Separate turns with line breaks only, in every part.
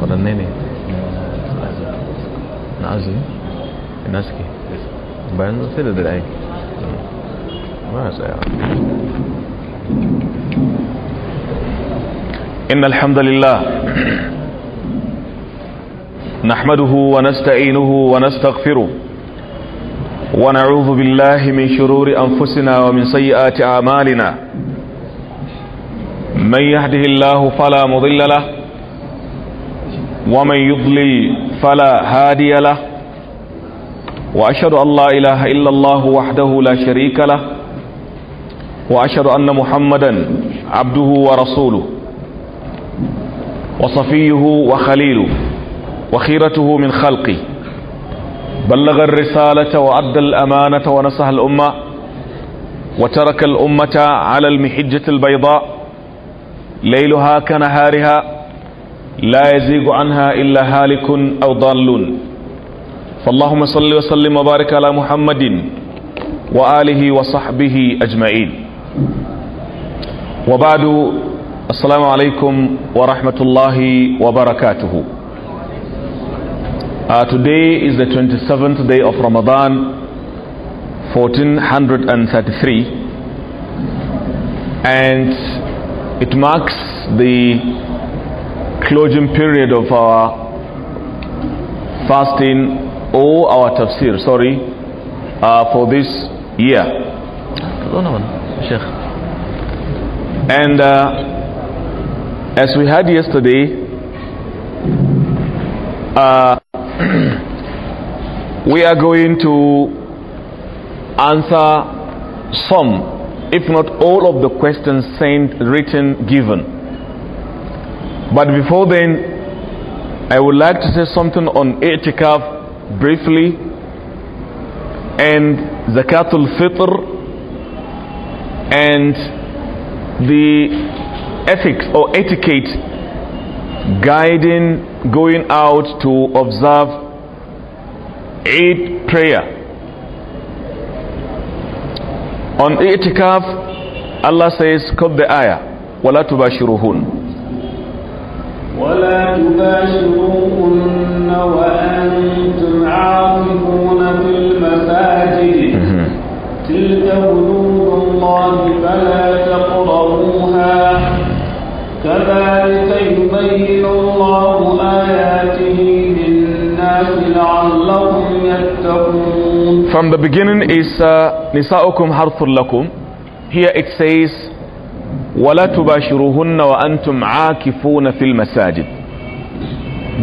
Con el nene. Nazi. Nazi. Bueno, se le dirá ahí. ما إن الحمد لله نحمده ونستعينه ونستغفره ونعوذ بالله من شرور أنفسنا ومن سيئات أعمالنا من يهده الله فلا مضل له ومن يضلل فلا هادي له واشهد ان لا اله الا الله وحده لا شريك له واشهد ان محمدا عبده ورسوله وصفيه وخليله وخيرته من خلقه بلغ الرساله وادى الامانه ونصح الامه وترك الامه على المحجه البيضاء ليلها كنهارها لا يزيغ عنها إلا هالك أو ضالون فاللهم صل وسلم وبارك على محمد وآله وصحبه أجمعين وبعد السلام عليكم ورحمة الله وبركاته uh, Today is the 27th day of Ramadan 1433 and it marks the closing period of our fasting or our tafsir, sorry, uh, for this year. And uh, as we had yesterday, uh, we are going to answer some, if not all, of the questions sent, written, given. But before then, I would like to say something on i'tikaf briefly and zakatul fitr and the ethics or etiquette guiding going out to observe Eid prayer. On i'tikaf, Allah says, cut the ayah, وَلَا ولا تباشروهن
وأنتم عاقفون في المساجد تلك حدود الله فلا تقربوها كذلك يبين الله آياته للناس
لعلهم يتقون From the beginning is uh, نساؤكم حرث لكم Here it says ولا تباشروهن وأنتم عاكفون في المساجد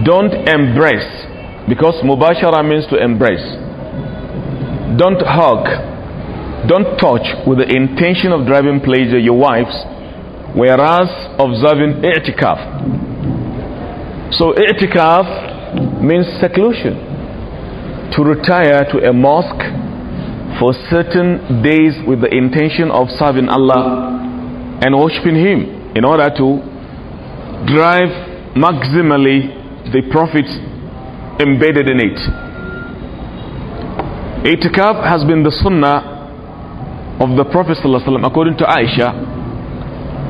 don't embrace because mubashara means to embrace don't hug don't touch with the intention of driving pleasure your wives whereas observing i'tikaf so i'tikaf means seclusion to retire to a mosque for certain days with the intention of serving Allah and worshiping Him in order to drive maximally the profits embedded in it. Itikaf has been the sunnah of the Prophet ﷺ, according to Aisha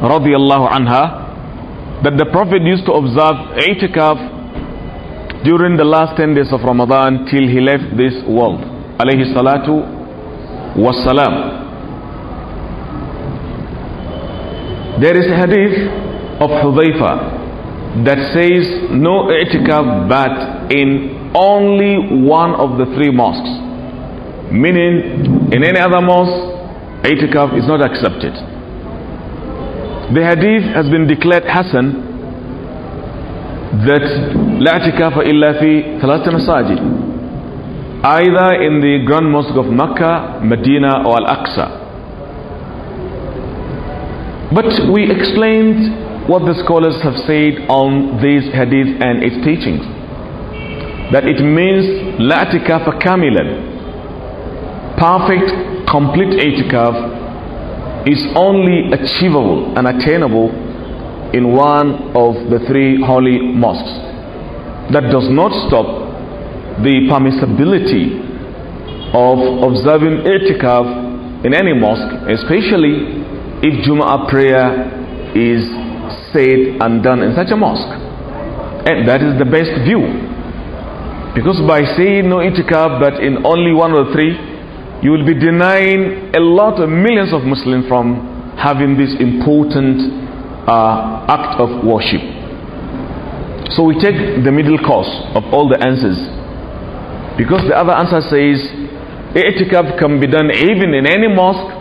radiallahu anha that the Prophet used to observe itikaf during the last 10 days of Ramadan till he left this world alayhi salatu wassalam There is a hadith of Hudhaifa that says no i'tikaf but in only one of the three mosques. Meaning in any other mosque, i'tikaf is not accepted. The hadith has been declared Hassan that la اعتكاف illa fi ثلاثة masajid either in the Grand Mosque of Mecca, Medina or Al-Aqsa.
But we explained what the scholars
have said on this hadith and its teachings. That it means la for kamilan. Perfect, complete itikaf is only achievable and attainable in one of the three holy mosques. That does not stop the permissibility of observing itikaf in any mosque, especially if Jum'ah prayer is said and done in such a mosque. And that is the best view. Because by saying no itikaf but in only one or three, you will be denying a lot of millions of Muslims from having this important uh, act of worship. So we take the middle course of all the answers. Because the other answer says itikaf can be done even in any mosque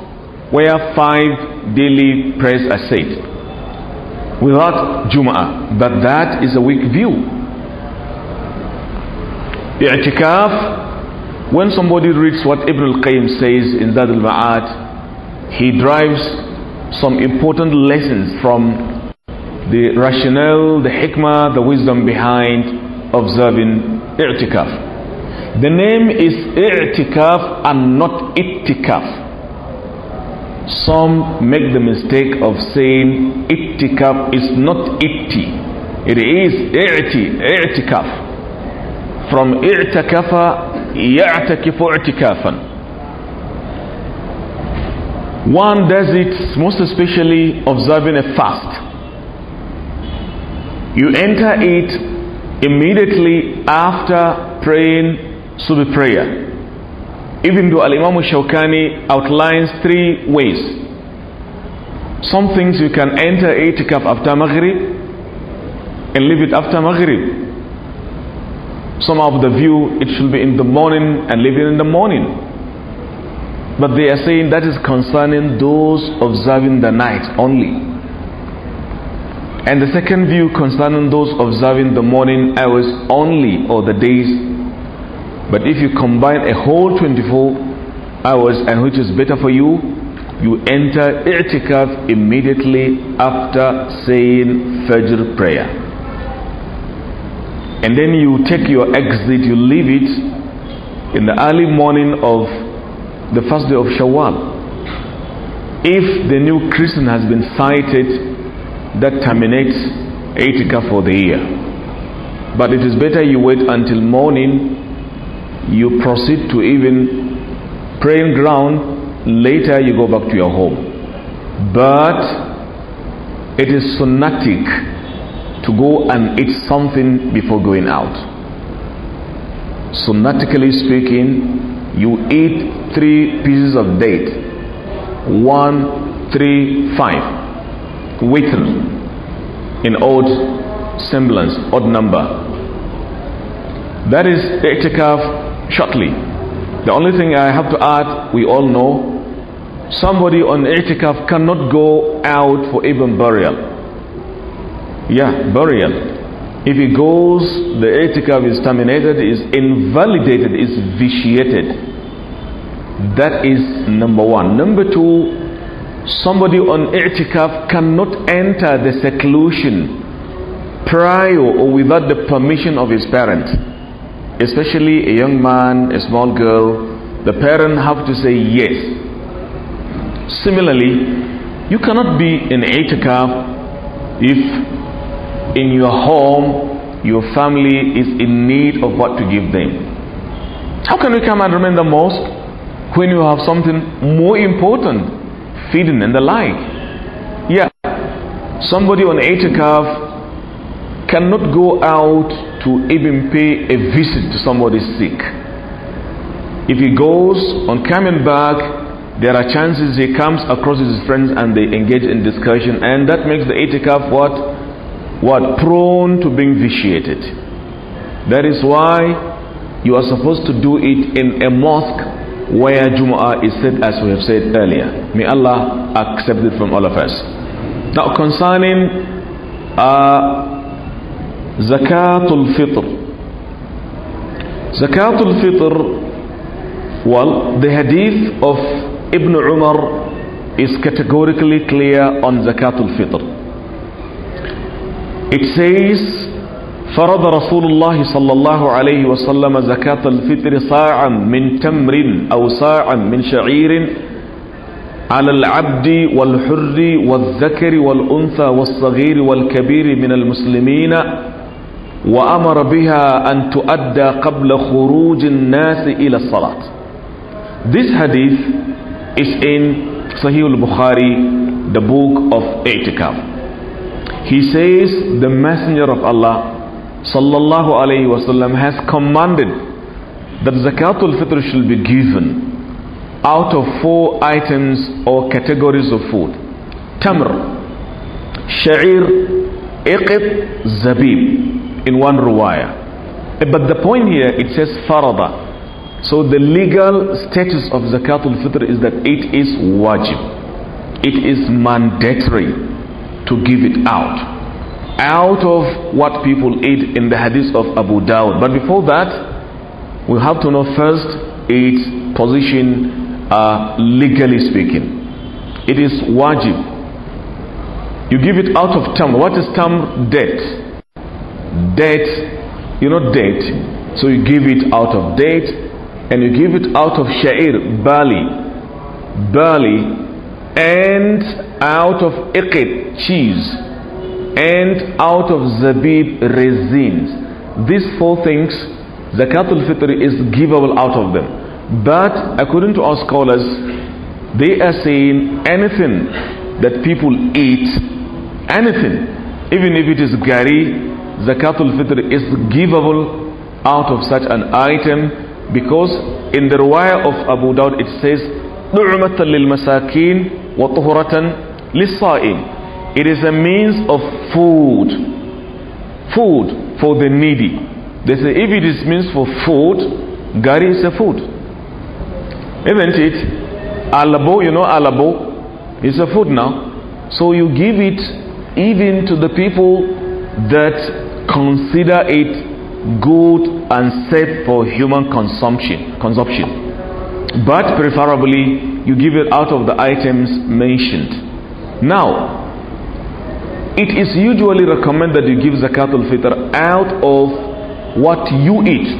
where five daily prayers are said without Jum'ah. But that is a weak view. I'tikaf, when somebody reads what Ibn al-Qayyim says in Zad al-Ma'at, he drives some important lessons from the rationale, the hikmah, the wisdom behind observing i'tikaf. The name is i'tikaf and not ittikaf some make the mistake of saying ittikaf is not itti it is i'ti i'tikaf from i'takafa ya'takifu i'tikafan one does it most especially observing a fast you enter it immediately after praying subh prayer even though Al-Imam Shawkani outlines three ways. Some things you can enter itikaf after Maghrib and leave it after Maghrib. Some of the view it should be in the morning and leave it in the morning. But they are saying that is concerning those observing the night only. And the second view concerning those observing the morning hours only or the days but if you combine a whole 24 hours and which is better for you, you enter i'tikaf immediately after saying Fajr prayer. And then you take your exit, you leave it in the early morning of the first day of Shawwal. If the new Christian has been sighted, that terminates i'tikaf for the year. But it is better you wait until morning you proceed to even praying ground later you go back to your home but it is sonatic to go and eat something before going out Sonatically speaking you eat three pieces of date one three five witr in odd semblance odd number that is itikaf shortly. The only thing I have to add, we all know, somebody on itikaf cannot go out for even burial. Yeah, burial. If he goes, the itikaf is terminated, is invalidated, is vitiated. That is number one. Number two, somebody on itikaf cannot enter the seclusion prior or without the permission of his parent especially a young man, a small girl, the parent have to say yes. Similarly, you cannot be in itikaf if in your home your family is in need of what to give them. How can you come and remain the mosque when you have something more important, feeding and the like? Yeah, somebody on itikaf cannot go out to even pay a visit to somebody sick. If he goes, on coming back, there are chances he comes across his friends and they engage in discussion, and that makes the itikaf what? What? Prone to being vitiated. That is why you are supposed to do it in a mosque where Jumu'ah is said as we have said earlier. May Allah accept it from all of us. Now concerning uh, زكاة الفطر زكاة الفطر well the hadith of Ibn Umar is categorically clear on زكاة الفطر it says فرض رسول الله صلى الله عليه وسلم زكاة الفطر صاعا من تمر أو صاعا من شعير على العبد والحر والذكر والأنثى والصغير والكبير من المسلمين وأمر بها أن تؤدى قبل خروج الناس إلى الصلاة This hadith is in Sahih al-Bukhari the book of Itikaf He says the messenger of Allah sallallahu alayhi wasallam has commanded that zakatul fitr should be given out of four items or categories of food tamr sha'ir iqib zabib in one ruwayah. Eh, but the point here, it says farada. So the legal status of zakatul fitr is that it is wajib. It is mandatory to give it out. Out of what people eat in the hadith of Abu Dawud. But before that, we have to know first its position uh, legally speaking. It is wajib. You give it out of term. What is term? Debt Date, you know date, so you give it out of date and you give it out of sha'ir, barley, barley, and out of iqit, cheese, and out of zabib, resins. These four things, zakatul fitr is givable out of them. But according to our scholars, they are saying anything that people eat, anything, even if it is gari, zakatul fitr is givable out of such an item because in the riwayah of Abu Dawud it says نُعْمَةً لِلْمَسَاكِينَ وَطُهُرَةً لِلصَّائِمِ It is a means of food, food for the needy. They say if it is means for food, gari is a food. Isn't it? Alabo, you know alabo, is a food now. So you give it even to the people that consider it good and safe for human consumption consumption but preferably you give it out of the items mentioned now it is usually recommended you give cattle fitr out of what you eat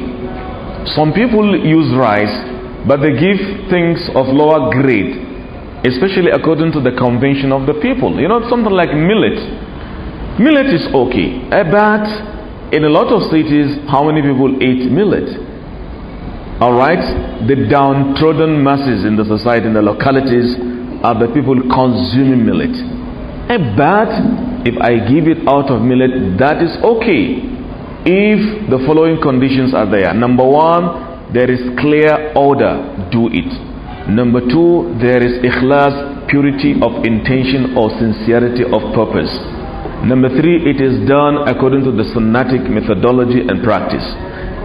some people use rice but they give things of lower grade especially according to the convention of the people you know something like millet Millet is okay, eh, but in a lot of cities, how many people eat millet? All right, the downtrodden masses in the society, in the localities, are the people consuming millet. Eh, but if I give it out of millet, that is okay. If the following conditions are there number one, there is clear order, do it. Number two, there is ikhlas, purity of intention or sincerity of purpose. Number three, it is done according to the sunnatic methodology and practice.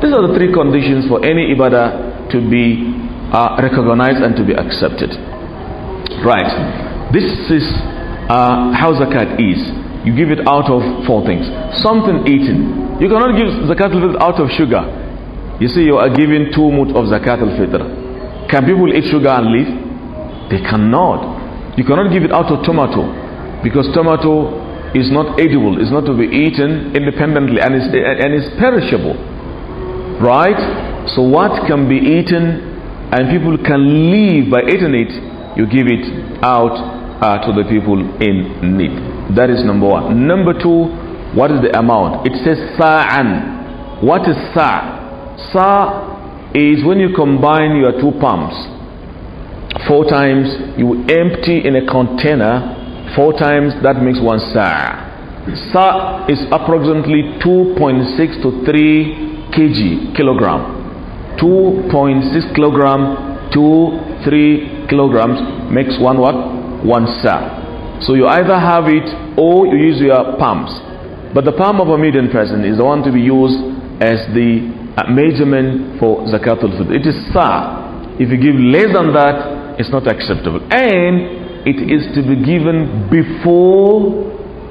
These are the three conditions for any ibadah to be uh, recognized and to be accepted. Right. This is uh, how zakat is. You give it out of four things. Something eaten. You cannot give zakat al-fitr out of sugar. You see, you are giving two mut of zakat al-fitr. Can people eat sugar and live? They cannot. You cannot give it out of tomato because tomato is not edible, is not to be eaten independently and is, and is perishable. Right? So what can be eaten and people can live by eating it, you give it out uh, to the people in need. That is number one. Number two, what is the amount? It says sa'an. What is sa? Sa is when you combine your two palms. Four times you empty in a container Four times, that makes one sa. Sa is approximately 2.6 to 3 kg, kilogram. 2.6 kilogram to 3 kilograms makes one what? One sa. So you either have it or you use your palms. But the palm of a median person is the one to be used as the uh, measurement for zakatul fitr. It is sa. If you give less than that, it's not acceptable. And it is to be given before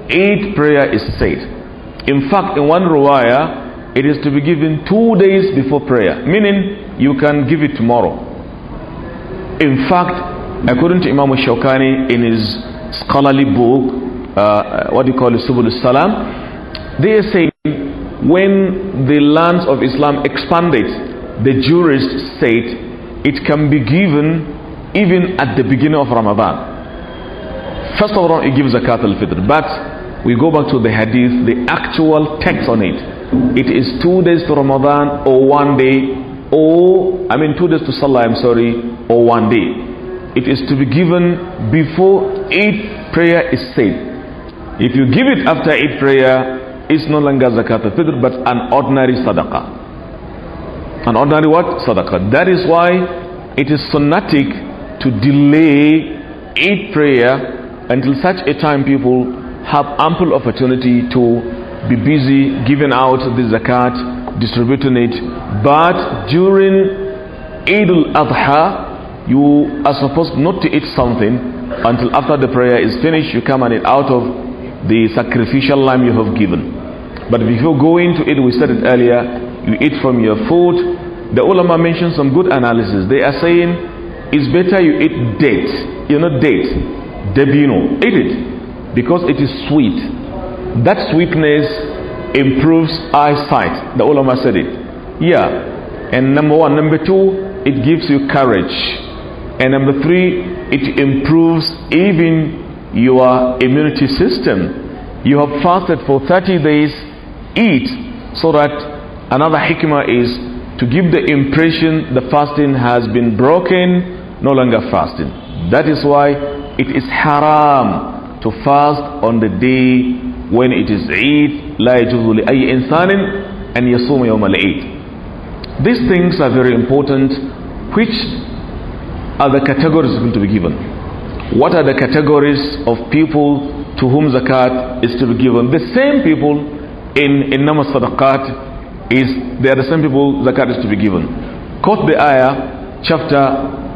eight prayer is said. In fact, in one ruwaya, it is to be given two days before prayer, meaning you can give it tomorrow. In fact, according to Imam Shawkani in his scholarly book, uh, uh what do you call it, Subul Salam, they say when the lands of Islam expanded, the jurists said it can be given even at the beginning of Ramadan. First of all, it gives zakat al-fitr. But we go back to the hadith, the actual text on it. It is two days to Ramadan or one day or, I mean two days to Salah, I'm sorry, or one day. It is to be given before eight prayer is said. If you give it after eight prayer, it's no longer zakat al-fitr but an ordinary sadaqah. An ordinary what? Sadaqah. That is why it is sunnatic to delay eight prayer until such a time people have ample opportunity to be busy giving out the zakat, distributing it. But during Eid al-Adha, you are supposed not to eat something until after the prayer is finished. You come and eat out of the sacrificial lamb you have given. But before going to eat, we said it earlier, you eat from your food. The ulama mentioned some good analysis. They are saying it's better you eat date, you know, date Debino. Eat it because it is sweet. That sweetness improves eyesight. The ulama said it. Yeah. And number one. Number two, it gives you courage. And number three, it improves even your immunity system. You have fasted for 30 days, eat so that another hikmah is to give the impression the fasting has been broken, no longer fasting. That is why it is haram to fast on the day when it is Eid لا يجوز لأي إنسان أن يصوم يوم العيد these things are very important which are the categories going to be given what are the categories of people to whom zakat is to be given the same people in in namas sadaqat is they are the same people zakat is to be given quote the ayah chapter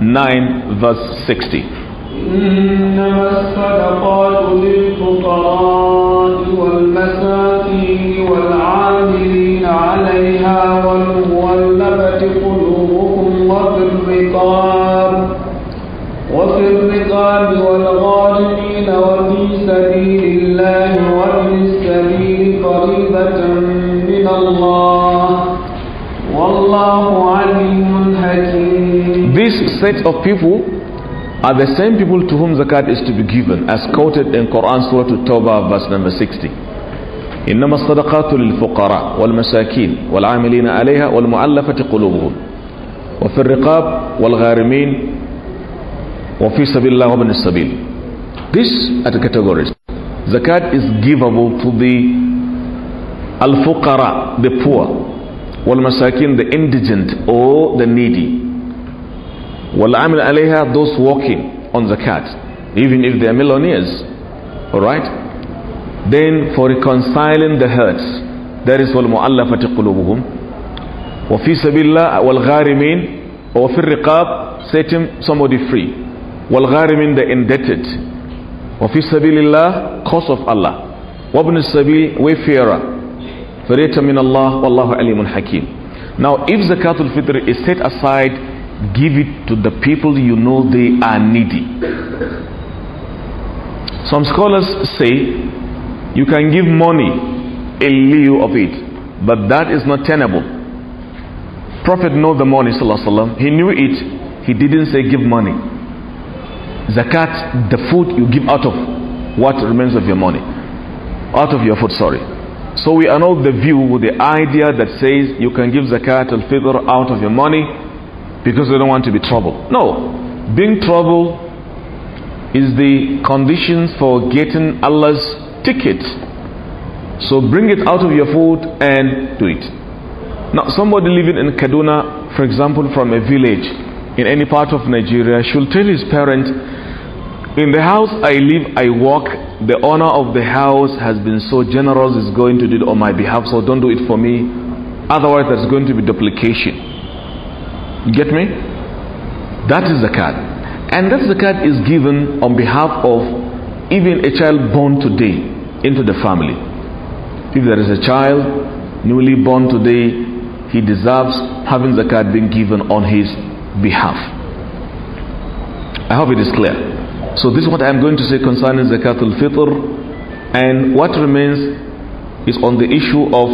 9 verse 60 إنما الصدقات للفقراء والمساكين والعاملين عليها
والمولبة قلوبهم وفي الرقاب وفي الرقاب والغالمين وفي سبيل الله وفي السبيل فريضة من الله والله عليم حكيم This
set of people are the same people to whom zakat is to be given as quoted in Quran Surah At-Tawbah verse number 60 إنما الصدقات للفقراء والمساكين والعاملين عليها والمؤلفة قلوبهم وفي الرقاب والغارمين وفي سبيل الله وابن السبيل These are the categories. Zakat is givable to the al the poor, wal-masakin, the indigent or the needy. I Wal alayha, those walking on the cat, even if they are millionaires. Alright? Then for reconciling the hurts, there is wal mu'allafati qulubuhum. Wa fi sabillah wal gharimin, wa fi riqab, setting somebody free. Wal gharimin, the indebted. Wa fi sabillillah, cause of Allah. Wa ibn sabil, wayfarer. Fareta min Allah, wallahu alimun hakim. Now, if zakatul fitr is set aside give it to the people you know they are needy. Some scholars say you can give money in lieu of it, but that is not tenable. Prophet know the money, sallallahu He knew it. He didn't say give money. Zakat, the food you give out of what remains of your money, out of your food. Sorry. So we annul the view with the idea that says you can give zakat al-fitr out of your money because they don't want to be troubled. No, being troubled is the condition for getting Allah's ticket. So bring it out of your food and do it. Now, somebody living in Kaduna, for example, from a village in any part of Nigeria, should tell his parent, In the house I live, I work, the owner of the house has been so generous, is going to do it on my behalf, so don't do it for me. Otherwise, there's going to be duplication. You get me? That is zakat. And that zakat is given on behalf of even a child born today into the family. If there is a child newly born today, he deserves having zakat being given on his behalf. I hope it is clear. So this is what I am going to say concerning zakatul fitr and what remains is on the issue of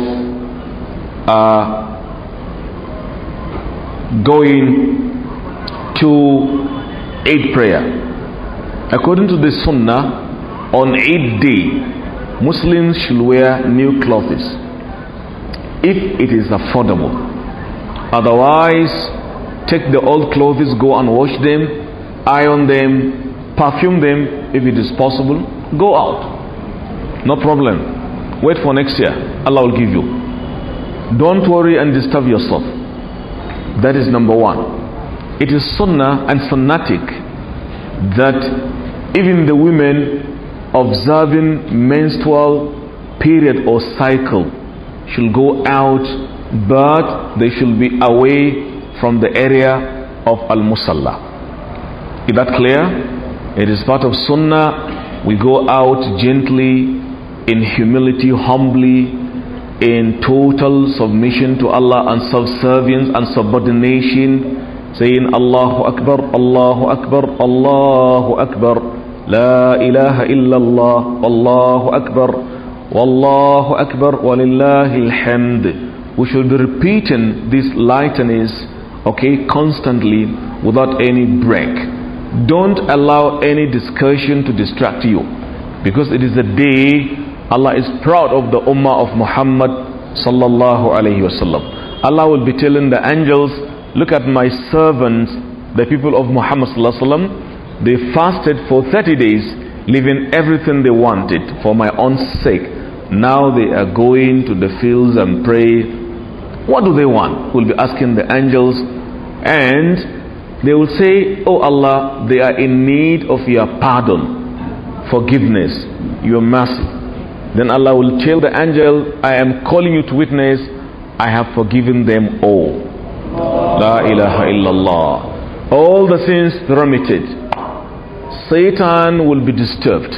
uh, going to Eid prayer. According to the Sunnah, on Eid day, Muslims should wear new clothes if it is affordable. Otherwise, take the old clothes, go and wash them, iron them, perfume them if it is possible. Go out. No problem. Wait for next year. Allah will give you. Don't worry and disturb yourself. That is number one. It is sunnah and sunnatic that even the women observing menstrual period or cycle should go out, but they should be away from the area of Al Musalla. Is that clear? It is part of sunnah. We go out gently, in humility, humbly, in total submission to Allah and subservience and subordination, saying Allahu Akbar, Allahu Akbar, Allahu Akbar, La ilaha illallah, Allahu Akbar, Wallahu Akbar, Walillahi alhamd. We should be repeating these litanies, okay, constantly without any break. Don't allow any discussion to distract you because it is a day Allah is proud of the ummah of Muhammad sallallahu alayhi wasallam. Allah will be telling the angels, look at my servants, the people of Muhammad sallallahu alayhi wasallam. They fasted for 30 days, leaving everything they wanted for my own sake. Now they are going to the fields and pray. What do they want? We'll be asking the angels and they will say, Oh Allah, they are in need of your pardon, forgiveness, your mercy. Then Allah will tell the angel, I am calling you to witness, I have forgiven them all. La ilaha illallah. All the sins remitted. Satan will be disturbed.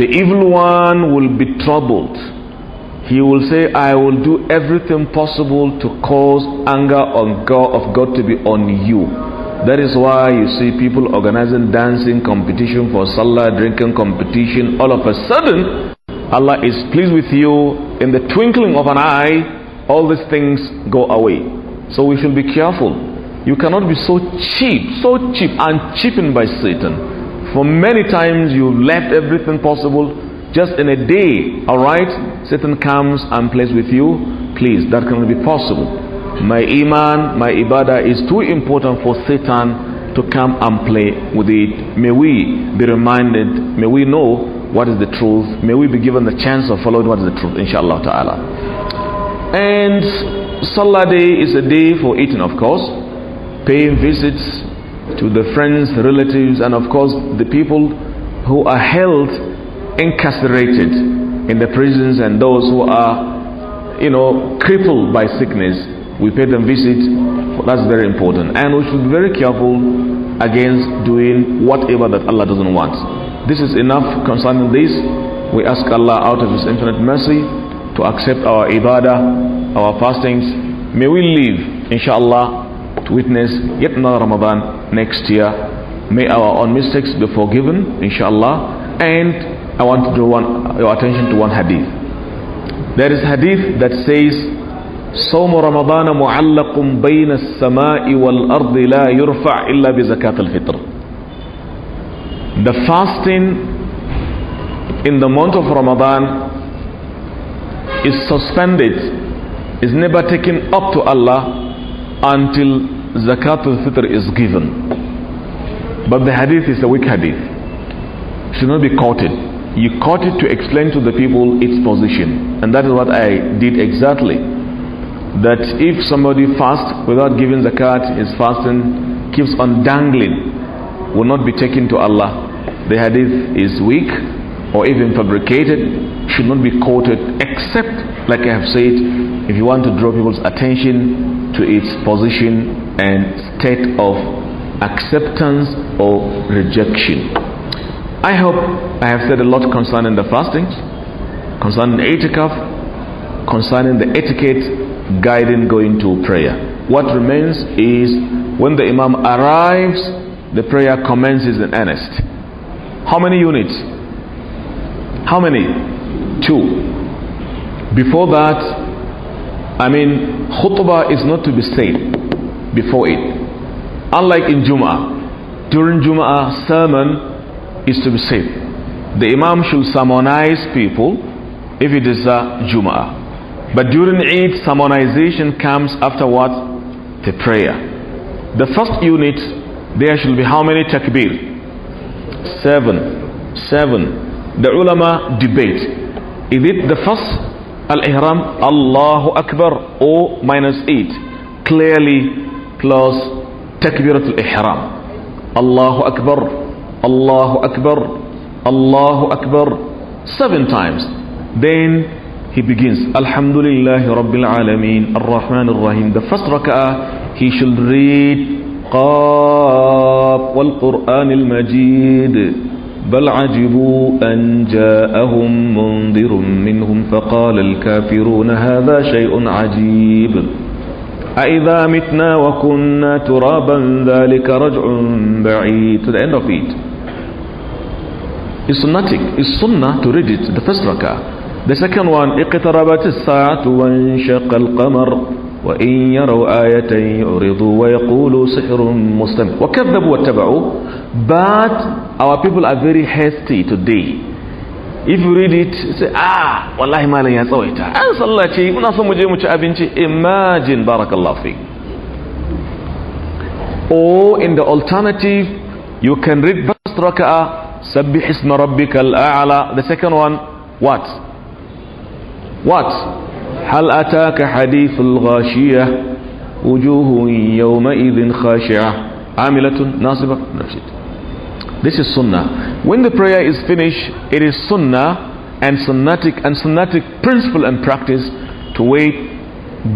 The evil one will be troubled. He will say, I will do everything possible to cause anger on God of God to be on you. That is why you see people organizing dancing competition for salah, drinking competition. All of a sudden, Allah is pleased with you in the twinkling of an eye all these things go away so we should be careful you cannot be so cheap so cheap and cheapened by Satan for many times you left everything possible just in a day all right Satan comes and plays with you please that cannot be possible my iman my ibadah is too important for Satan to come and play with it may we be reminded may we know what is the truth. May we be given the chance of following what is the truth, inshallah ta'ala. And Salah day is a day for eating, of course, paying visits to the friends, relatives, and of course the people who are held incarcerated in the prisons and those who are, you know, crippled by sickness. We pay them visit. That's very important. And we should be very careful against doing whatever that Allah doesn't want. This is enough concerning this. We ask Allah out of His infinite mercy to accept our ibadah, our fastings. May we live, inshallah, to witness yet another Ramadan next year. May our own mistakes be forgiven, inshallah. And I want to draw one, your attention to one hadith. There is hadith that says, صوم رمضان معلق بين السماء والأرض لا يرفع إلا بزكاة الفطر the fasting in the month of Ramadan
is suspended,
is never taken up to Allah until zakat al-fitr is given. But the hadith is a weak hadith. Should not be quoted. You quote it to explain to the people its position. And that is what I did exactly. That if somebody fasts without giving zakat, his fasting, keeps on dangling, will not be taken to Allah the hadith is weak or even fabricated should not be quoted except like I have said if you want to draw people's attention to its position and state of acceptance or rejection I hope I have said a lot concerning the fasting concerning etiquette, concerning the etiquette guiding going to prayer what remains is when the imam arrives the prayer commences in earnest how many units? How many? Two. Before that, I mean, khutbah is not to be said before it. Unlike in Jum'ah. During Jum'ah, sermon is to be said. The Imam should sermonize people if it is a Jum'ah. But during Eid, sermonization comes after what? The prayer. The first unit, there should be how many takbir? Seven. Seven. The ulama debate. Is it the first Al-Ihram Allahu Akbar O 8 clearly plus al Ihram Allahu Akbar Allahu Akbar Allahu Akbar seven times then he begins Alhamdulillahi Rabbil Alameen Ar-Rahman Ar-Rahim the first rak'ah he should read قاف والقرآن المجيد بل عجبوا أن جاءهم منذر منهم فقال الكافرون هذا شيء عجيب أئذا متنا وكنا ترابا ذلك رجع بعيد to the end of it it's sunnatic it's sunnah to read it the first rakah the second one اقتربت الساعة وانشق القمر وإن يروا آية يعرضوا ويقولوا سحر مسلم وكذبوا واتبعوا but our people are very hasty today if you read it say ah والله ما لن tsawaita an sallace muna son mu je mu ci abinci imagine barakallahu fi or in the alternative you can read first raka'ah sabbih isma rabbikal a'la the second one what what هل أتاك حديث الغاشية وجوه يومئذ خاشعة عاملة ناصبة This is sunnah. When the prayer is finished, it is sunnah and sunnatic and sunnatic principle and practice to wait,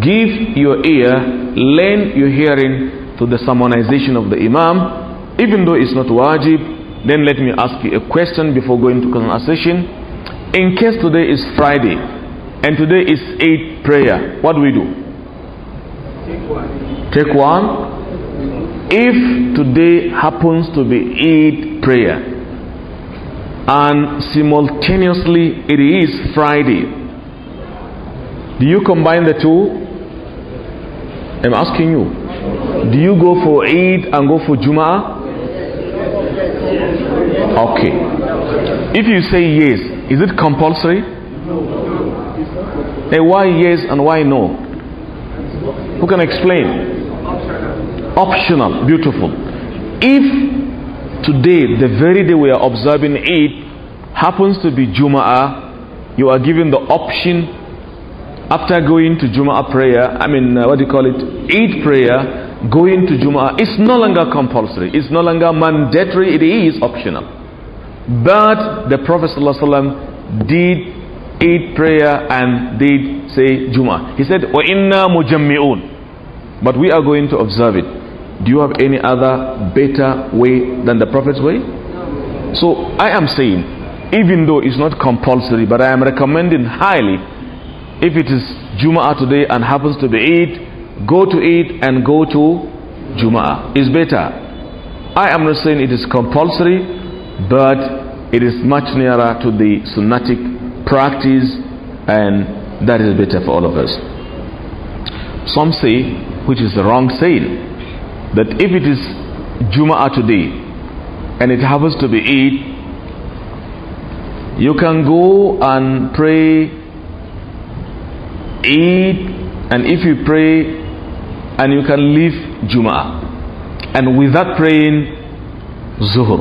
give your ear, lend your hearing to the sermonization of the imam, even though it's not wajib. Then let me ask you a question before going to conversation. In case today is Friday, and today is eight prayer what do we do take one, take one. if today happens to be eight prayer and simultaneously it is friday do you combine the two i'm asking you do you go for eid and go for juma okay if you say yes is it compulsory a why yes and why no? Who can explain? Optional. Beautiful. If today, the very day we are observing it, happens to be Juma'ah, you are given the option after going to Juma'ah prayer, I mean, uh, what do you call it? Eid prayer, going to Juma'ah. It's no longer compulsory. It's no longer mandatory. It is optional. But the Prophet ﷺ did eat prayer and did say Juma. He said, "Wa inna mujammi'un." But we are going to observe it. Do you have any other better way than the Prophet's way? So I am saying, even though it's not compulsory, but I am recommending highly. If it is Jumaah today and happens to be Eid, go to Eid and go to Jumaah. It's better. I am not saying it is compulsory, but it is much nearer to the sunnatic practice and that is better for all of us some say which is the wrong saying that if it is Jumu'ah today and it happens to be Eid you can go and pray Eid and if you pray and you can leave Jumu'ah and without praying Zuhur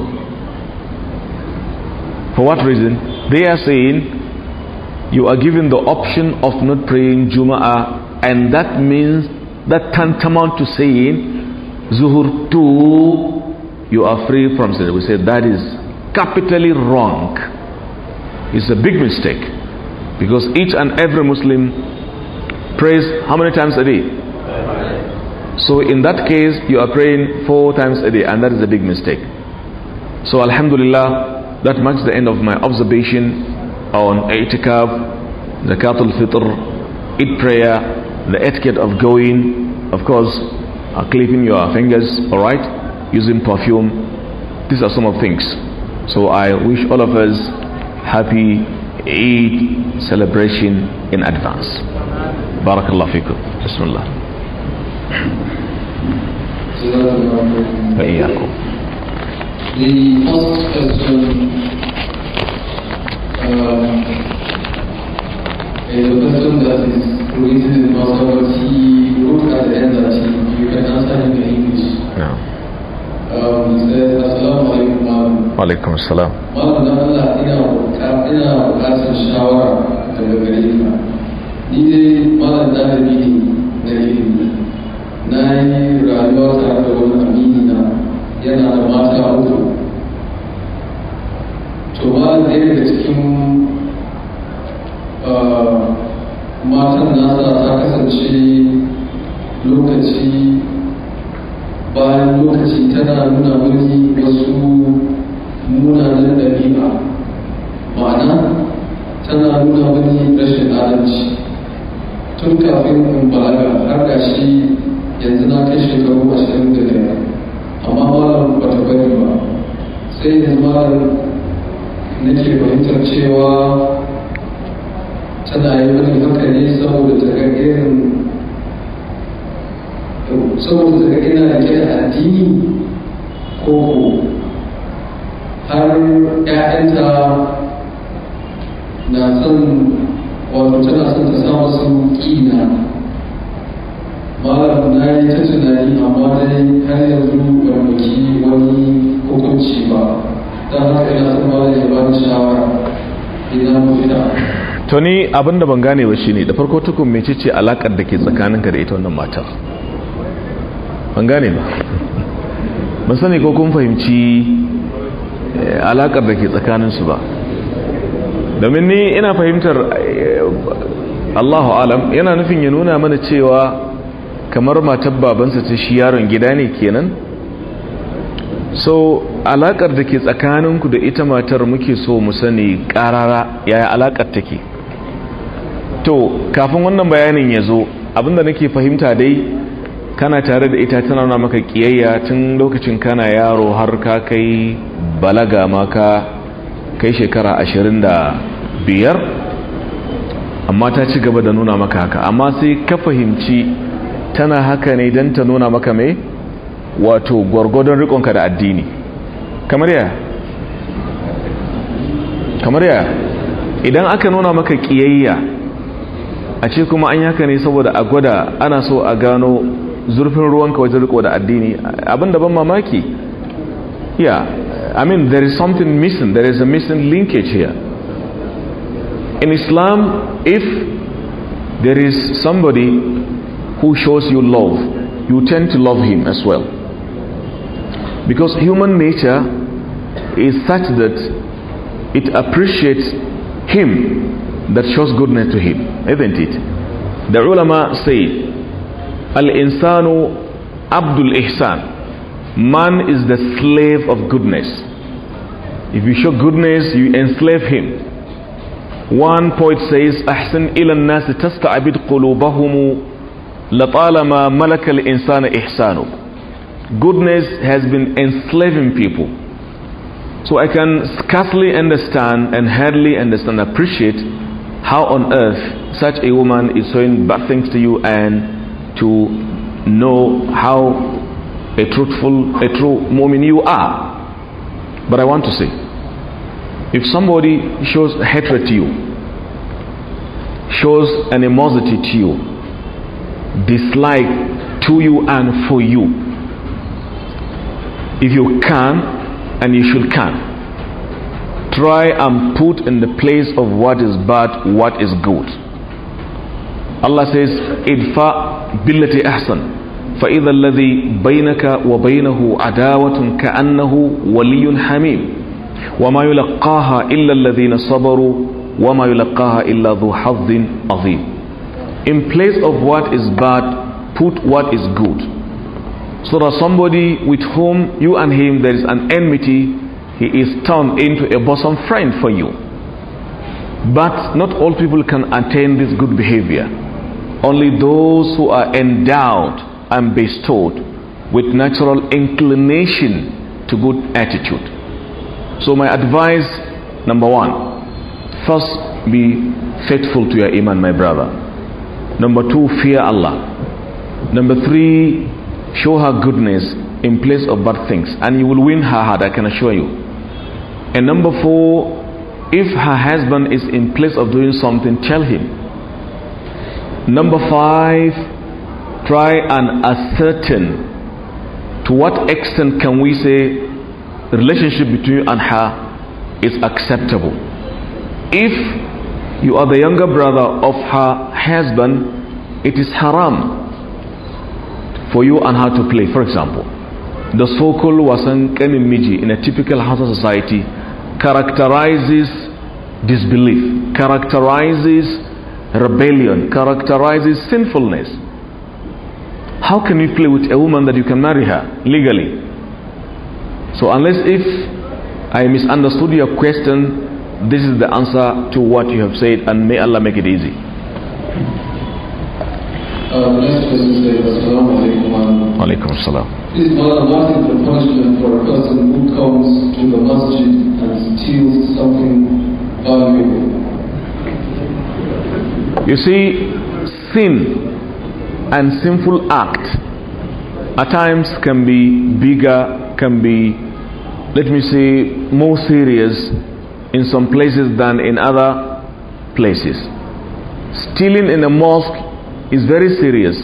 for what reason? they are saying you are given the option of not praying Jumu'ah, and that means that tantamount to saying Zuhur too you are free from sin. We say that is capitally wrong. It's a big mistake because each and every Muslim prays how many times a day? So in that case you are praying four times a day and that is a big mistake. So Alhamdulillah that marks the end of my observation on itikaf, zakatul fitr, eat prayer, the etiquette of going, of course, uh, clipping your fingers, alright, using perfume. These are some of things. So I wish all of us happy Eid celebration in advance. Barakallah fikum. Bismillah.
The first um, a person that is raising in he wrote at the end that you can answer in English. Um, alaikum, Alaikum
abinda ban gane ba shine da farko tukun mecece ce alakar da ke tsakaninka da ita wannan matar ban gane ba ban sani ko kun fahimci eh, alakar da ke tsakaninsu ba domin ni ina fahimtar eh, Allahu alam yana nufin ya nuna mana cewa kamar matar babansa ce shi yaron gida ne kenan so alakar da ke tsakaninku da ita matar muke so mu sani karara yaya alakar take to kafin wannan bayanin ya zo abinda nake fahimta dai kana tare da ita tana nuna maka kiyayya tun lokacin kana yaro har ka kai balaga maka kai shekara ashirin da biyar amma ta ci gaba da nuna maka haka amma sai ka fahimci tana haka ne don ta nuna maka mai wato gwargwadon rikonka da addini kamar ya kamar ya idan aka nuna maka kiyayya a ce kuma an yi haka ne saboda a gwada ana so a gano zurfin ruwanka wajen riko da addini abin da ban mamaki yeah i mean there is something missing there is a missing linkage here in islam if there is somebody who shows you love you tend to love him as well because human nature is such that it appreciates him that shows goodness to him isn't it? The ulama say, Al-insanu abdul ihsan. Man is the slave of goodness. If you show goodness, you enslave him. One poet says, أحسن إلى الناس تستعبد لطالما ملك الإنسان إحسانه goodness has been enslaving people. So I can scarcely understand and hardly understand, appreciate how on earth such a woman is saying bad things to you and to know how a truthful, a true woman you are. But I want to say, if somebody shows hatred to you, shows animosity to you, dislike to you and for you, if you can and you should can, try and put in the place of what is bad what is good. Allah says, Idfa billati ahsan. فإذا الذي بينك وبينه عداوة كأنه ولي حميم وما يلقاها إلا الذين صبروا وما يلقاها إلا ذو حظ عظيم In place of what is bad, put what is good. So that somebody with whom you and him there is an enmity, he is turned into a bosom friend for you. But not all people can attain this good behavior. Only those who are endowed and bestowed with natural inclination to good attitude. So my advice, number one, first be faithful to your iman, my brother. Number two, fear Allah. Number three, show her goodness in place of bad things and you will win her heart, I can assure you. And number four, if her husband is in place of doing something, tell him Number five, try and ascertain to what extent can we say the relationship between you and her is acceptable. If you are the younger brother of her husband, it is haram for you and her to play, for example. The so called wasan miji in a typical Hausa society characterizes disbelief, characterizes rebellion characterizes sinfulness. How can you play with a woman that you can marry her legally? So, unless if I misunderstood your question, this is the answer to what you have said, and may Allah make it easy.
Um, uh, next question says, Assalamu alaikum. the punishment for a person who comes to the masjid and steals something valuable?
You see, sin and sinful act at times can be bigger, can be, let me say, more serious in some places than in other places. Stealing in a mosque is very serious.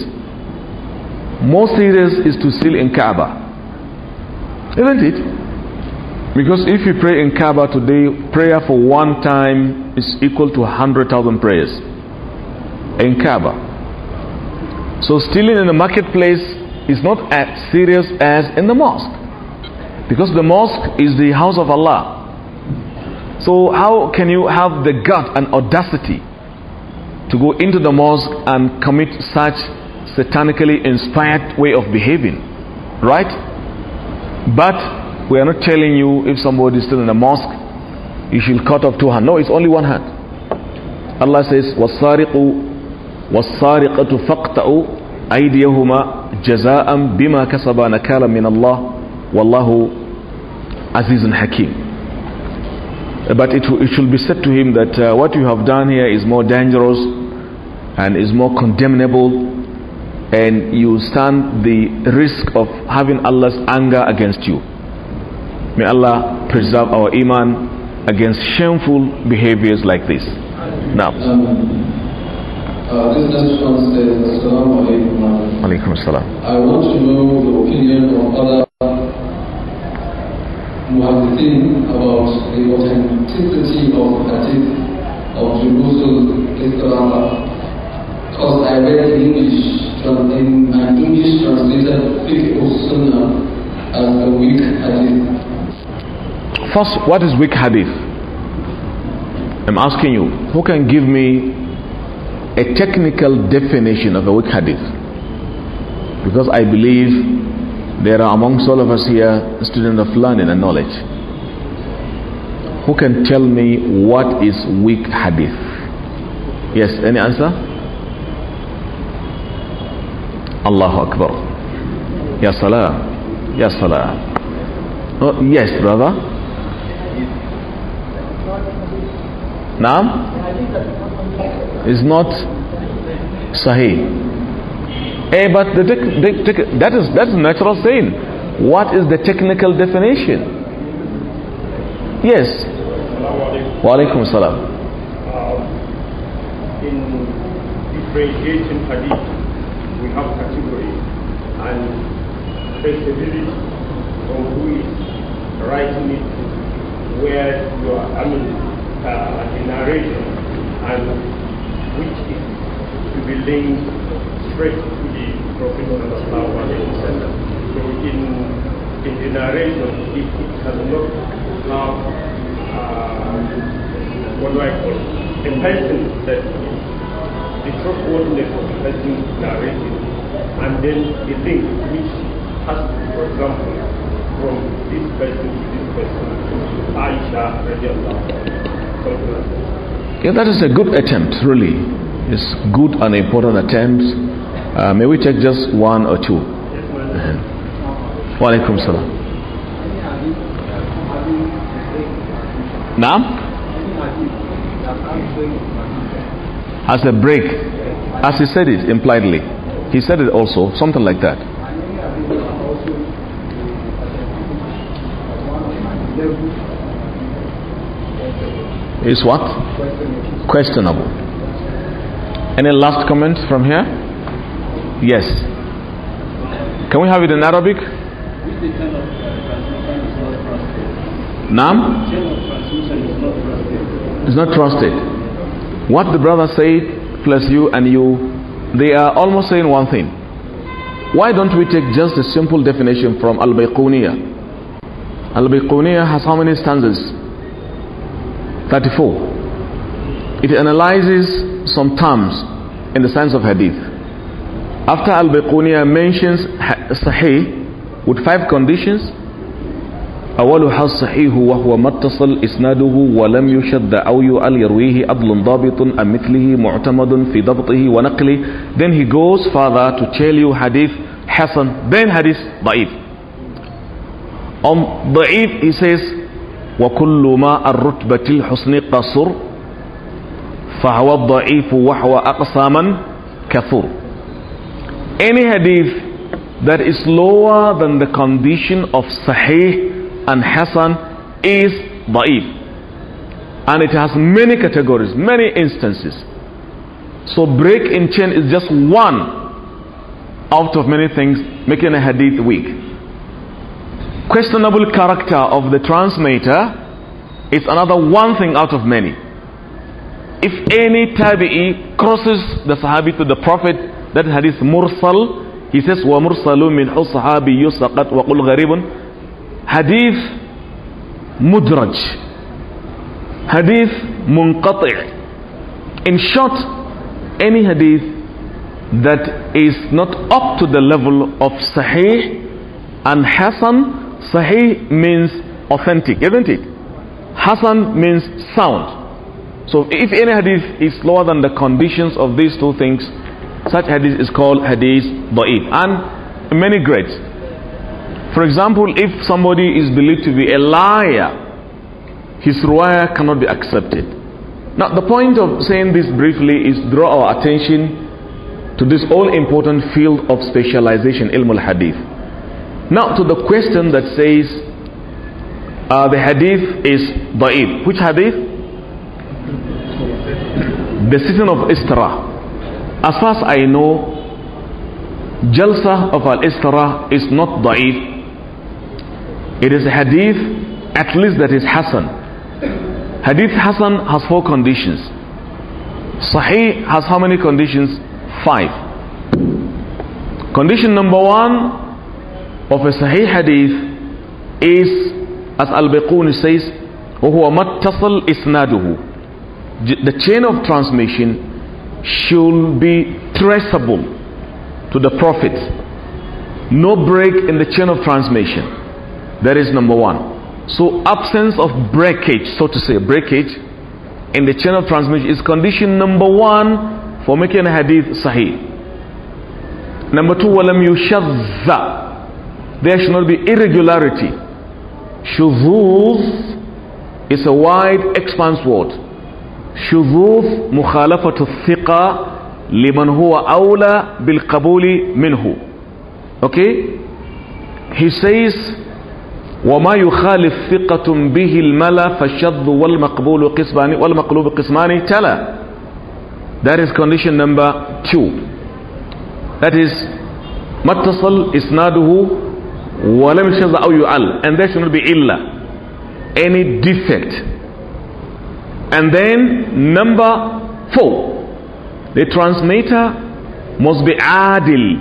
More serious is to steal in Kaaba. Isn't it? Because if you pray in Kaaba today, prayer for one time is equal to 100,000 prayers in Kaaba. So stealing in the marketplace is not as serious as in the mosque. Because the mosque is the house of Allah. So how can you have the gut and audacity to go into the mosque and commit such satanically inspired way of behaving? Right? But we are not telling you if somebody is still in the mosque, you should cut off two hands. No, it's only one hand. Allah says, وَالصَّارِقُ والسارقة فاقطعوا أيديهما جزاء بما كسبا نكالا من الله والله عزيز حكيم but it, it should be said to him that uh, what you have done here is more dangerous and is more condemnable and you stand the risk of having Allah's anger against you may Allah preserve our iman against shameful behaviors like this now
uh, this next one I want
to
know the opinion of other muhaddithin about the authenticity of hadith of Jerusalem Islam. Because I read in English, in an English translator Fiqh Sunnah as a weak hadith.
First, what is weak hadith? I'm asking you, who can give me a technical definition of a weak hadith. Because I believe there are amongst all of us here students of learning and knowledge. Who can tell me what is weak hadith? Yes, any answer? Allahu Akbar. Ya Salah. Ya Salah. Oh, yes, brother. Now? is not sahih. Eh, but the that is that is natural saying. What is the technical definition? Yes. Wa alaikum salam.
Uh, in differentiation, hadith, we have category and traceability from who is writing it, where you are, I mean, uh, the narration and which is to be linked straight to the Prophet Center. So in, in the narration, it, it has not now uh, what do I call it, a that the trustworthiness of the person narrated, and then the link which has, for example, from this person to this person, Aisha, radiallahu anha, something like that.
Yeah, that is a good attempt, really. It's good and important attempt. Uh, may we take just one or two?
Uh-huh. Wa alaikum salam. Now?
As a break, as he said it impliedly, he said it also, something like that is what? Questionable. Any last comment from here? Yes. Can we have it in Arabic? Nam?
It's not trusted.
What the brother said, plus you and you, they are almost saying one thing. Why don't we take just a simple definition from Al Bayquniya? Al Bayquniya has how many stanzas? 34. It analyzes some terms in the science of hadith. After Al-Biquniya mentions Sahih with five conditions, أولها الصحيح وهو ما اتصل إسناده ولم يشد أو يؤل يرويه أضل ضابط أم مثله معتمد في ضبطه ونقله then he goes further to tell you hadith حسن then hadith ضعيف on ضعيف he says وكل ما الرتبة الحسن قصر فهو الضعيف وهو أقصى من كثر any hadith that is lower than the condition of Sahih and Hasan is ضعيف And it has many categories, many instances. So break in chain is just one out of many things making a hadith weak questionable character of the transmitter is another one thing out of many. If any tabi'i crosses the sahabi to the prophet, that hadith mursal, he says, wa وَمُرْسَلُ sahabi حُصْحَابِ wa وَقُلْ غَرِيبٌ Hadith mudraj. Hadith munqati'. In short, any hadith that is not up to the level of sahih and hasan Sahih means authentic, isn't it? Hasan means sound. So if any hadith is lower than the conditions of these two things, such hadith is called hadith da'if. And many grades. For example, if somebody is believed to be a liar, his ruwayah cannot be accepted. Now, the point of saying this briefly is draw our attention to this all important field of specialization, ilm al hadith. Now to the question that says uh, the hadith is da'if. Which hadith? the sitting of Istara. As far as I know, Jalsa of Al-Istara is not da'if. It is a hadith at least that is Hassan. Hadith Hassan has four conditions. Sahih has how many conditions? Five. Condition number one of a Sahih hadith is, as Al-Biquni says, the chain of transmission should be traceable to the Prophet. No break in the chain of transmission. That is number one. So, absence of breakage, so to say, breakage in the chain of transmission is condition number one for making a hadith sahih. Number two, walam yushazza. There should not be irregularity. Shuvuz is a wide expanse word. Shuzuz mukhalafatu thiqa liman huwa awla bil qabuli minhu. Okay? He says, وما يخالف ثقة به الملا فالشذ والمقبول قسمان والمقلوب قسمان تلا. That is condition number two. That is متصل إسناده ولم يشذ أو يعل and there should not be إلا any defect and then number four the translator must be adil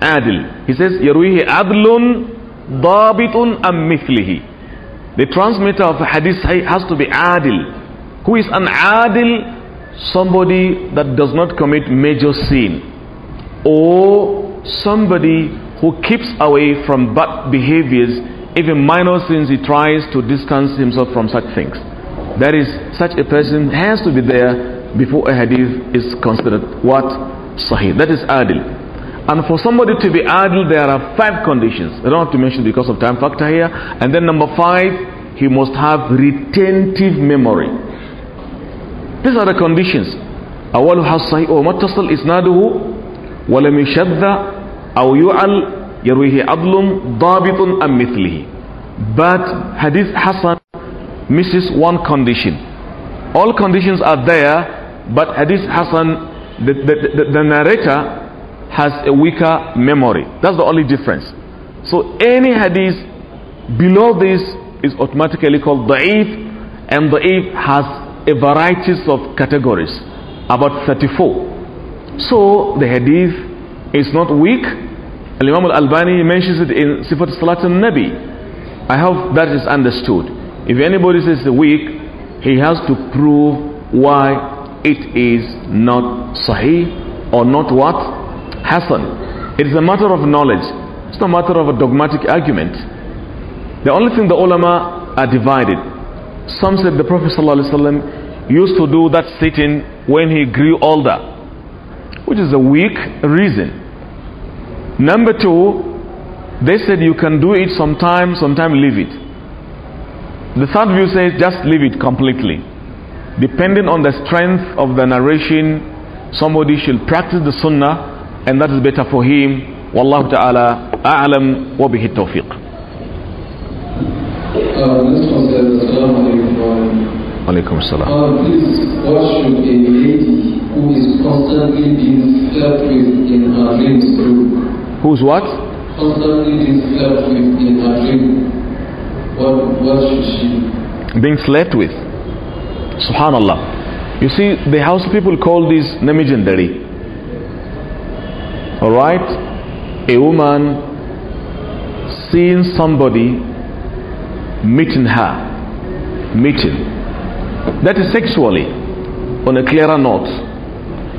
adil he says يرويه عدل ضابط أم مثله the transmitter of hadith has to be adil who is an adil somebody that does not commit major sin or somebody who keeps away from bad behaviors, even minor sins, he tries to distance himself from such things. That is, such a person has to be there before a hadith is considered what? Sahih. That is adil. And for somebody to be adil, there are five conditions. I don't have to mention because of time factor here. And then number five, he must have retentive memory. These are the conditions. أولها الصحيح وما اتصل إسناده ولم يشذ أو يعل يرويه عدل ضابط أم مثله but hadith Hassan misses one condition all conditions are there but hadith Hassan the, the, the, the narrator has a weaker memory that's the only difference so any hadith below this is automatically called da'if and da'if has a variety of categories about 34 so the hadith is not weak Imam al-Albani mentions it in Sifat Salat al-Nabi. I hope that is understood. If anybody says the weak, he has to prove why it is not sahih or not what? Hasan. It is a matter of knowledge. It's not a matter of a dogmatic argument. The only thing the ulama are divided. Some said the Prophet ﷺ used to do that sitting when he grew older, which is a weak reason. Number two, they said you can do it sometime, sometime leave it. The third view says just leave it completely. Depending on the strength of the narration, somebody should practice the sunnah and that is better for him. Wallahu ta'ala a'lam wa bihi tawfiq. Alaikum salam.
Uh, please, what should a lady who is constantly being slept with in her dreams do?
Who's what? Being slept with. Subhanallah. You see, the house people call this namijandari. Alright? A woman seeing somebody, meeting her, meeting. That is sexually, on a clearer note.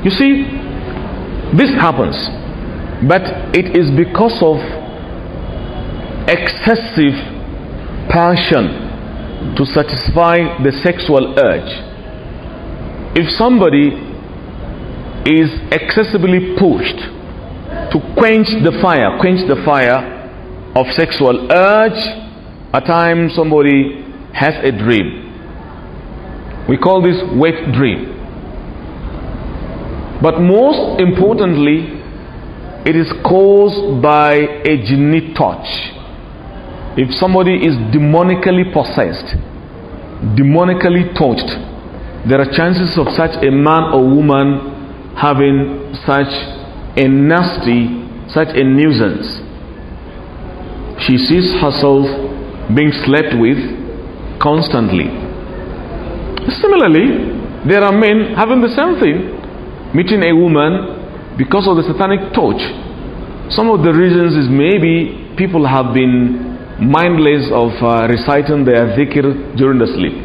You see, this happens but it is because of excessive passion to satisfy the sexual urge if somebody is excessively pushed to quench the fire quench the fire of sexual urge a time somebody has a dream we call this wet dream but most importantly it is caused by a genie touch. If somebody is demonically possessed, demonically touched, there are chances of such a man or woman having such a nasty, such a nuisance. She sees herself being slept with constantly. Similarly, there are men having the same thing, meeting a woman because of the satanic touch. Some of the reasons is maybe people have been mindless of uh, reciting their dhikr during the sleep.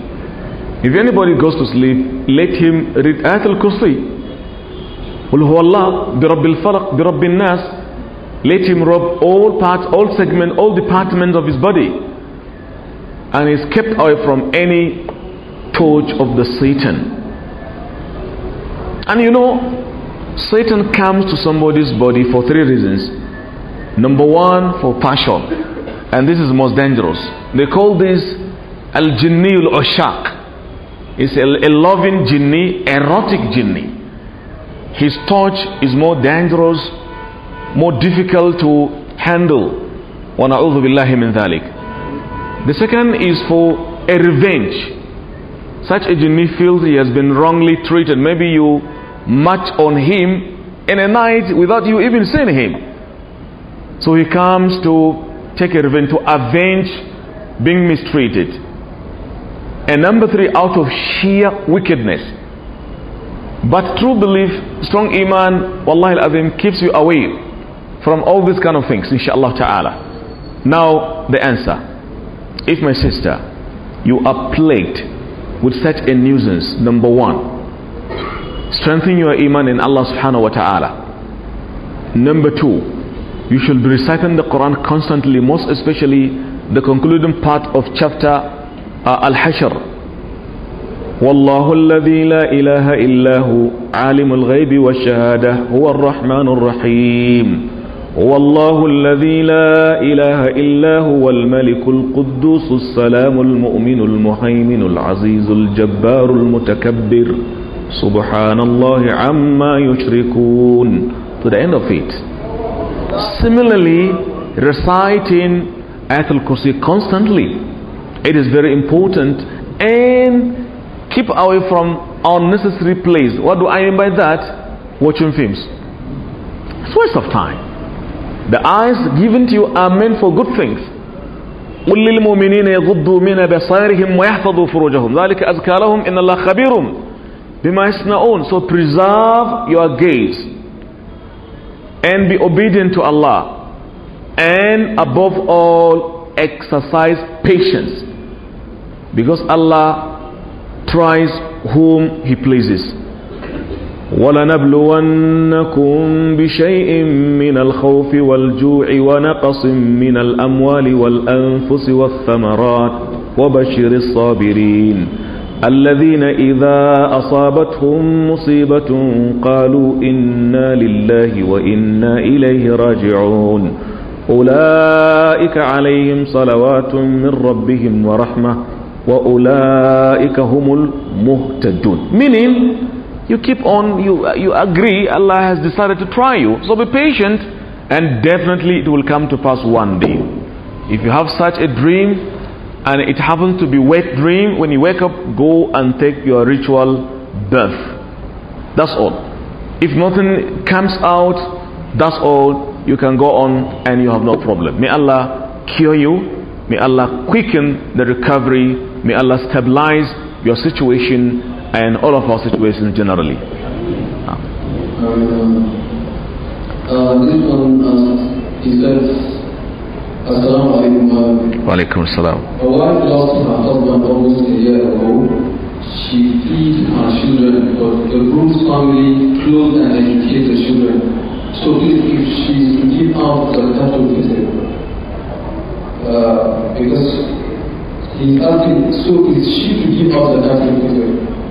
If anybody goes to sleep, let him read Ayatul al-Kursi. قل الله برب الفلق برب الناس let him rub all parts, all segments, all departments of his body. And is kept away from any touch of the Satan. And you know, Satan comes to somebody's body for three reasons. Number one, for passion. And this is most dangerous. They call this Al jinil or Oshak. It's a, a loving jinni, erotic jinni. His touch is more dangerous, more difficult to handle. وَنَعُوذُ بِاللَّهِ مِنْ ذَلِكَ The second is for a revenge. Such a jinni feels he has been wrongly treated. Maybe you much on him in a night without you even seeing him. So he comes to take revenge, to avenge being mistreated. And number three, out of sheer wickedness. But true belief, strong iman, wallahi al-azim, keeps you away from all these kind of things, inshallah ta'ala. Now, the answer. If my sister, you are plagued with such a nuisance, number one, strengthen your iman in Allah subhanahu wa ta'ala. Number two, you should be reciting the Quran constantly, most especially the concluding part of chapter uh, Al-Hashr. والله الذي لا إله إلا هو عالم الغيب والشهادة هو الرحمن الرحيم والله الذي لا إله إلا هو الملك القدوس السلام المؤمن المهيمن العزيز الجبار المتكبر سبحان الله عما يشركون to the end of it similarly reciting Ayatul Kursi constantly it is very important and keep away from unnecessary plays what do I mean by that watching films it's waste of time the eyes given to you are meant for good things قل للمؤمنين يغضوا من بصائرهم ويحفظوا فروجهم ذلك أزكى لهم إن الله خبير Be my own, So preserve your gaze and be obedient to Allah. And above all, exercise patience. Because Allah tries whom He pleases. ولنبلونكم بشيء من الخوف والجوع ونقص من الأموال والأنفس والثمرات وبشر الصابرين الذين إذا أصابتهم مصيبة قالوا إنا لله وإنا إليه راجعون أولئك عليهم صلوات من ربهم ورحمة وأولئك هم المهتدون meaning you keep on you you agree Allah has decided to try you so be patient and definitely it will come to pass one day if you have such a dream and it happens to be wet dream when you wake up go and take your ritual bath. that's all if nothing comes out that's all you can go on and you have no problem may allah cure you may allah quicken the recovery may allah stabilize your situation and all of our situations generally
um, uh, um, this one uh, is Assalamualaikum. alaikum wa wife lost her husband almost a year ago. She feeds her children, but the and the children. So give out the uh, because asking, so is she to give out the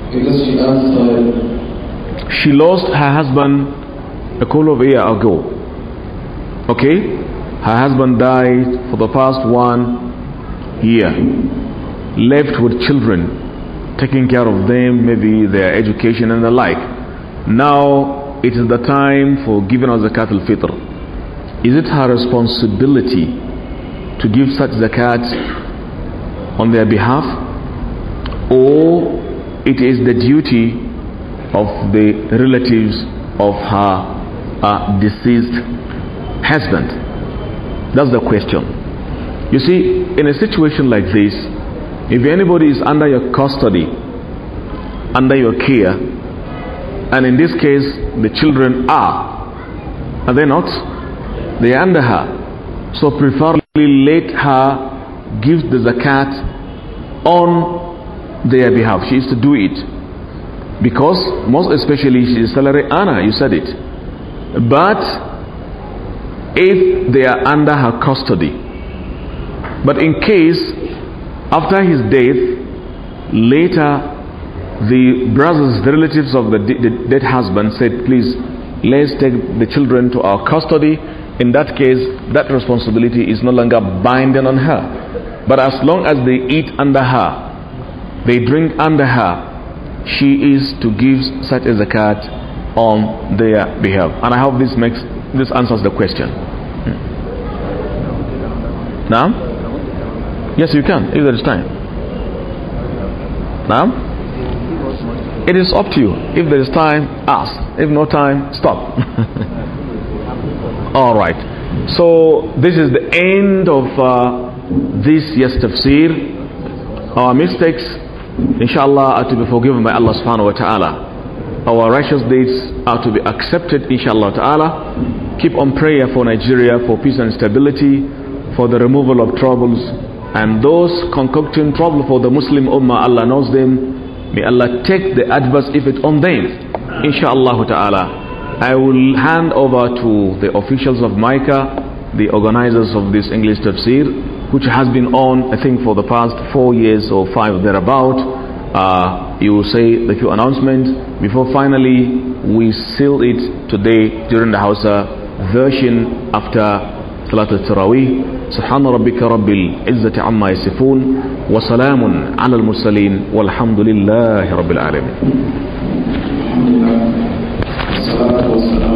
Because she asked
She lost her husband a couple of years ago. Okay? Her husband died for the past one year, left with children, taking care of them, maybe their education and the like. Now it is the time for giving us zakat al fitr. Is it her responsibility to give such zakat on their behalf? Or it is the duty of the relatives of her uh, deceased husband? That's the question. You see, in a situation like this, if anybody is under your custody, under your care, and in this case, the children are, are they not? They are under her. So preferably let her give the zakat on their behalf. She is to do it. Because most especially she is salary earner, you said it. But if they are under her custody. But in case after his death, later the brothers, the relatives of the dead husband said, Please, let's take the children to our custody. In that case, that responsibility is no longer binding on her. But as long as they eat under her, they drink under her, she is to give such a zakat on their behalf. And I hope this makes this answers the question. Hmm. Now? Yes, you can, if there is time. Now?
It is up to you. If there is time, ask.
If no time, stop. All right. So this is the end of uh, this yes tafsir. Our mistakes, inshallah, are to be forgiven by Allah subhanahu wa ta'ala. Our righteous deeds are to be accepted, inshallah ta'ala. Keep on prayer for Nigeria for peace and stability, for the removal of troubles, and those concocting trouble for the Muslim Ummah, Allah knows them. May Allah take the adverse effect on them. Insha'Allah ta'ala. I will hand over to the officials of Micah, the organizers of this English tafsir, which has been on, I think, for the past four years or five thereabout. Uh, you will say the few announcements before finally we seal it today during the Hausa version after صلاة التراويح سبحان ربك رب العزة عما يصفون وسلام على المرسلين والحمد لله رب العالمين الحمد لله والصلاه والسلام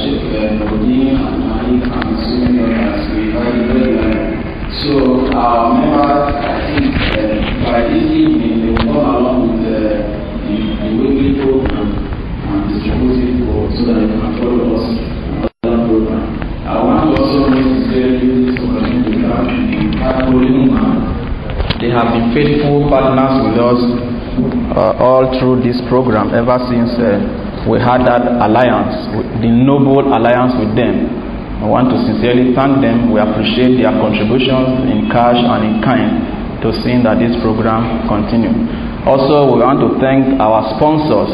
Sheikh Nurdin and Ali and as we already read. So our members, I think, uh, by this evening, they will come along with the, the, the weekly program and distribute it for, so that they can follow us
on program. I want to also make this very this opportunity the the They have been faithful partners with us uh, all through this program ever since. Uh, we had that alliance, the noble alliance with them. I want to sincerely thank them. We appreciate their contributions in cash and in kind to seeing that this program continues. Also, we want to thank our sponsors.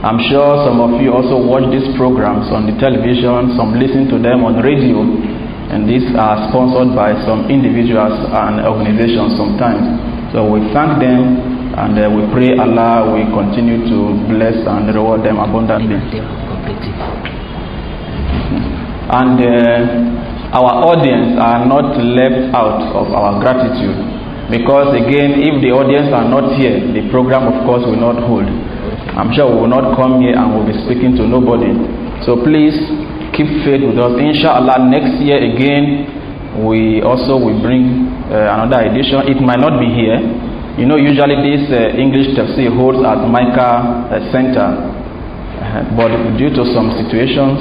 I'm sure some of you also watch these programs on the television, some listen to them on radio, and these are sponsored by some individuals and organizations sometimes. So we thank them and uh, we pray Allah we continue to bless and reward them abundantly. And uh, our audience are not left out of our gratitude because, again, if the audience are not here, the program, of course, will not hold. I'm sure we will not come here and we'll be speaking to nobody. So please keep faith with us. Inshallah, next year again, we also will bring uh, another edition. It might not be here, you know, usually this uh, English tafsir holds at Micah uh, Center, uh, but due to some situations,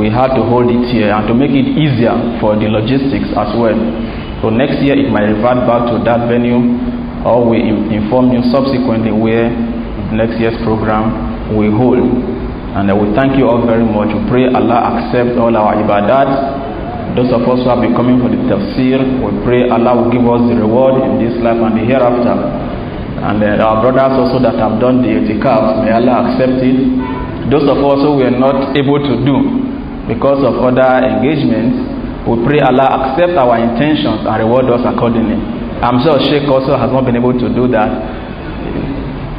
we had to hold it here and to make it easier for the logistics as well. So next year it might revert back to that venue, or we inform you subsequently where next year's program will hold. And I uh, will thank you all very much. We pray Allah accept all our ibadat those of us who have been coming for the tafsir, we pray Allah will give us the reward in this life and the hereafter. And uh, our brothers also that have done the itikaf, may Allah accept it. Those of us who were not able to do because of other engagements, we pray Allah accept our intentions and reward us accordingly. I'm sure Sheikh also has not been able to do that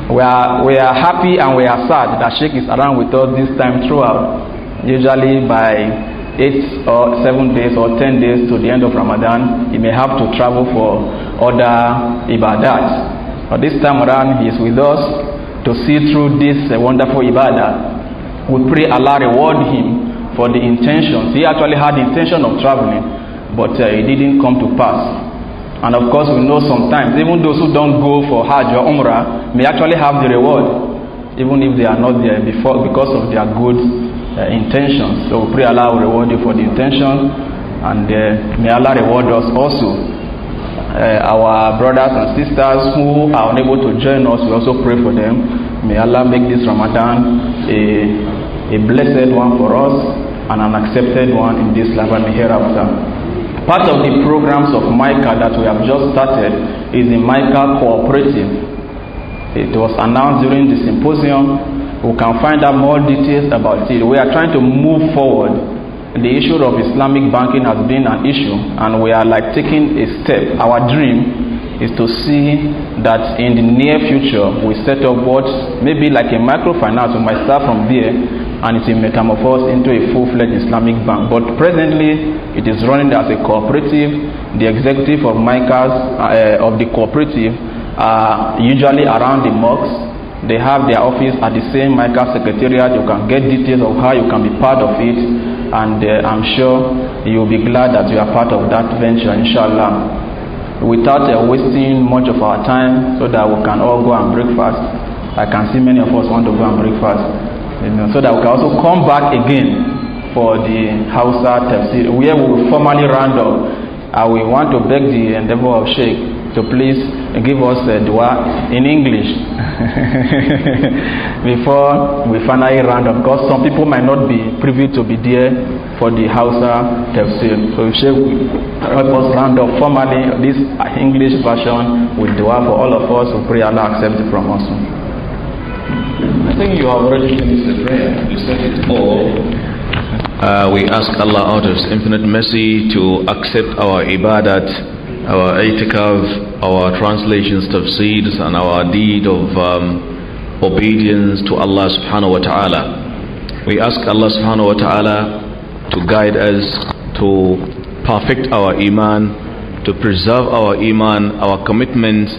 we are, we are happy and we are sad that Sheikh is around with us this time throughout. Usually by eight or seven days or ten days to the end of Ramadan, he may have to travel for other ibadat. But this time around, he is with us to see through this uh, wonderful ibadah. We pray Allah reward him for the intentions. He actually had the intention of traveling, but uh, it didn't come to pass. And of course, we know sometimes even those who don't go for Hajj or Umrah may actually have the reward, even if they are not there before because of their good uh, intentions. So pray Allah will reward you for the intention, and uh, may Allah reward us also. Uh, our brothers and sisters who are unable to join us, we also pray for them. May Allah make this Ramadan a, a blessed one for us and an accepted one in this life and hereafter. Part of the programs of Micah that we have just started is the Micah Cooperative. It was announced during the symposium we can find out more details about it. We are trying to move forward. The issue of Islamic banking has been an issue, and we are like taking a step. Our dream is to see that in the near future we set up what maybe like a microfinance. We might start from there, and it will metamorphose into a full-fledged Islamic bank. But presently, it is running as a cooperative. The executive of MICAS uh, of the cooperative are usually around the mosques they have their office at the same Michael Secretariat. You can get details of how you can be part of it, and uh, I'm sure you'll be glad that you are part of that venture, inshallah. Without uh, wasting much of our time, so that we can all go and breakfast. I can see many of us want to go and breakfast, you know, so that we can also come back again for the Hausa Tafsir, where we will formally round up. I will want to beg the endeavor of Sheikh so please give us a dua in English before we finally round up. Because some people might not be privy to be there for the Hausa tafsir. So if Sheikh help us round up formally this English version with dua for all of us who pray Allah accept it from us.
I think you have already finished the prayer. You said it all.
Uh, we ask Allah out of His infinite mercy to accept our ibadat our itikaf, our translations, tafsirs, and our deed of um, obedience to Allah subhanahu wa ta'ala. We ask Allah subhanahu wa ta'ala to guide us, to perfect our iman, to preserve our iman, our commitment.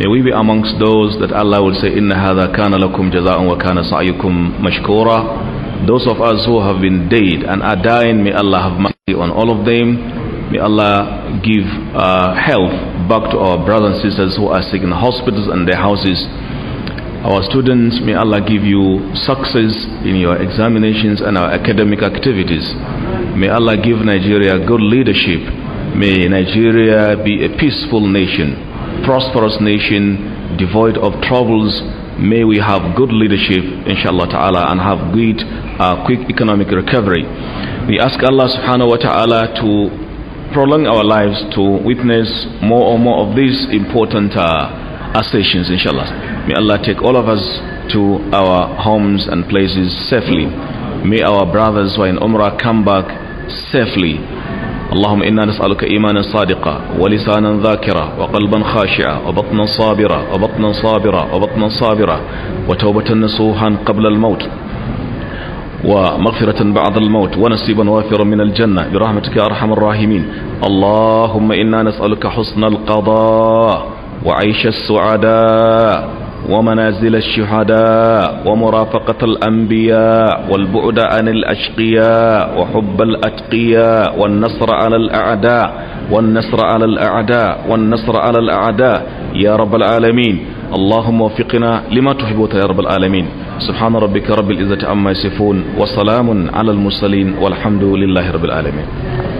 May we be amongst those that Allah will say, Inna hadha kana lakum jaza'un wa kana sa'yukum mashkura. Those of us who have been dead and are dying, may Allah have mercy on all of them. May Allah give uh, health back to our brothers and sisters who are sick in hospitals and their houses. Our students, may Allah give you success in your examinations and our academic activities. May Allah give Nigeria good leadership. May Nigeria be a peaceful nation, prosperous nation, devoid of troubles. May we have good leadership, inshallah ta'ala, and have good, uh, quick economic recovery. We ask Allah subhanahu wa ta'ala to prolong our lives to witness more and more of these important uh, assertions, inshallah. May Allah take all of us to our homes and places safely. May our brothers who are in Umrah come back safely. اللهم إنا نسألك إيمانا صادقا ولسانا ذاكرا وقلبا خاشعا وبطنا صابرا وبطنا صابرا وبطنا صابرا وتوبة نصوحا قبل الموت ومغفرة بعد الموت ونصيبا وافرا من الجنة برحمتك يا أرحم الراحمين اللهم إنا نسألك حسن القضاء وعيش السعداء ومنازل الشهداء ومرافقة الأنبياء والبعد عن الأشقياء وحب الأتقياء والنصر على الأعداء والنصر على الأعداء والنصر على الأعداء يا رب العالمين اللهم وفقنا لما تحب وترضى يا رب العالمين سبحان ربك رب العزة عما يصفون وسلام على المرسلين والحمد لله رب العالمين